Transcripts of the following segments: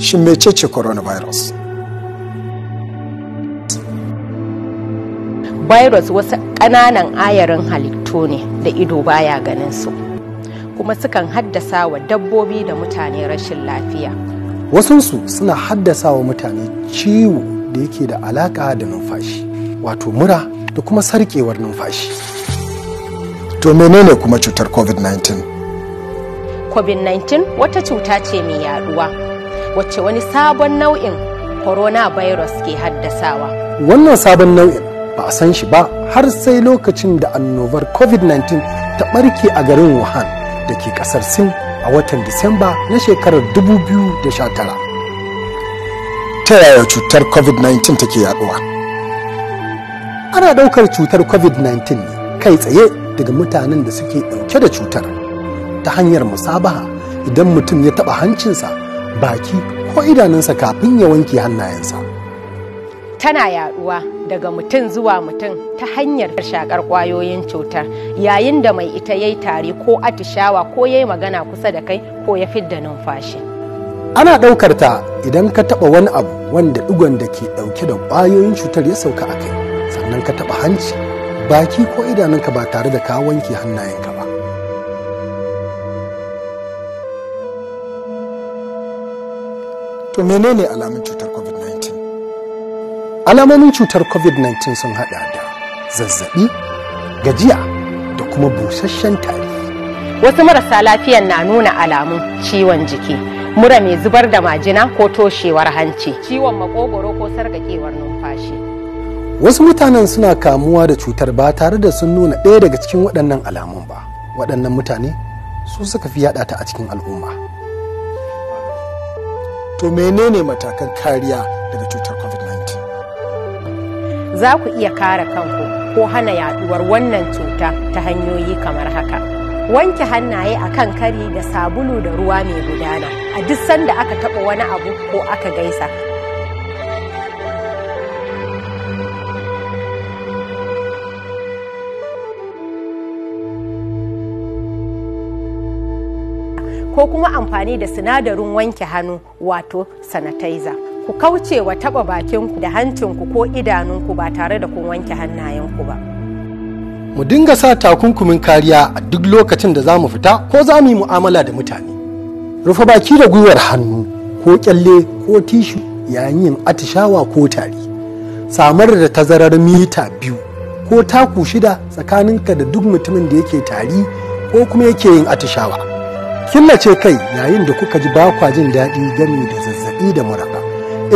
shi mecece coronavirus virus wasu ƙananan ayarin halittu ne da ido baya ganin su kuma sukan haddasa wa dabbobi da mutane rashin lafiya wasunsu suna haddasa wa mutane ciwo da yake da alaƙa da numfashi wato mura da kuma sarƙewar numfashi to menene kuma cutar covid-19 covid-19 wata cuta ce mai yaduwa wacce wani sabon nau'in coronavirus ke haddasawa. Wannan sabon nau'in ba a san shi ba har sai lokacin da annobar COVID-19 ta ɓarke a garin Wuhan da ke ƙasar Sin a watan Disamba na shekarar 2019. Ta yaya cutar COVID-19 take yaduwa? Ana ɗaukar cutar COVID-19 ne kai tsaye daga mutanen da suke ɗauke da cutar ta hanyar musabaha idan mutum ya taɓa hancinsa baki ko idanunsa kafin ya wanke hannayensa tana yaduwa daga mutum zuwa mutum ta hanyar shakar kwayoyin cutar yayin da mai ita yayi tare ko atishawa ko yayi magana kusa da kai ko ya fidda numfashi ana ɗaukar ta idan ka taɓa wani abu wanda digon da ke ɗauke da kwayoyin cutar ya sauka a kai sannan ka taɓa hanci baki ko idanunka ba tare da ka wanke hannayenka To menene alamun cutar COVID-19? Alamomin cutar COVID-19 sun haɗa da zazzaɓi, gajiya da kuma busasshen tari. Wasu marasa lafiyan na nuna alamun ciwon jiki, mura mai zubar da majina ko toshewar hanci, ciwon makogoro ko sargakewar numfashi. Wasu mutanen suna kamuwa da cutar ba tare da sun nuna ɗaya daga cikin waɗannan alamun ba. Waɗannan mutane su suka fi yaɗa ta a cikin al'umma. to menene matakan kariya daga cutar covid-19 za ku iya kare kanku ko hana yaduwar wannan cuta ta hanyoyi kamar haka wanke hannaye a kan kari da sabulu da ruwa mai gudana a duk sanda aka taba wani abu ko aka gaisa ko kuma amfani da sinadarin wanke hannu wato sanitizer ku kauce wa taba bakinku da hancin ku ko idanunku ba tare da kun wanke hannayenku ba mu dinga sa takunkumin kariya a duk lokacin da za mu fita ko za mu yi mu'amala da mutane rufe baki da gwiwar hannu ko kyalle ko tishu yayin yin atishawa ko tari samar da tazarar mita biyu ko taku shida tsakaninka da duk mutumin da yake tari ko kuma yake yin atishawa killace kai yayin da kuka ji bakwa jin daɗi gami da zazzaɓi da muraka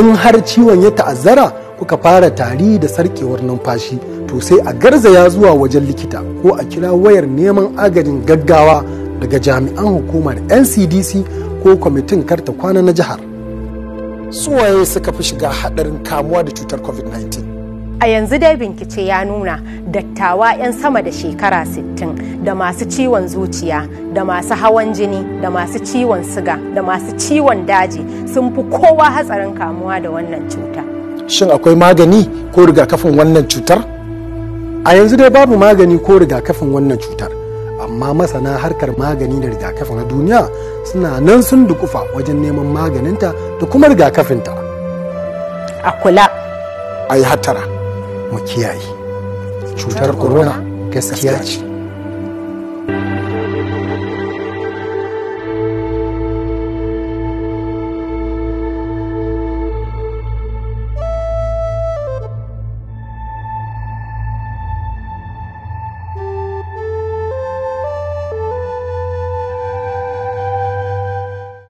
in har ciwon ya ta'azzara kuka fara tari da sarkewar numfashi to sai a garzaya zuwa wajen likita ko a kira wayar neman agajin gaggawa daga jami'an hukumar ncdc ko kwamitin karta kwana na jihar suwaye suka fi shiga haɗarin kamuwa da cutar covid-19 a yanzu dai bincike ya nuna dattawa 'yan sama da shekara 60 da masu ciwon zuciya da masu hawan jini da masu ciwon siga da masu ciwon daji sun fi kowa hatsarin kamuwa da wannan cuta shin akwai magani ko rigakafin wannan cutar a yanzu dai babu magani ko rigakafin wannan cutar amma masana harkar magani da rigakafin a duniya suna nan sun dukufa wajen neman maganinta da kuma rigakafinta a kula a yi hatara mu kiyaye cutar corona gaskiya ce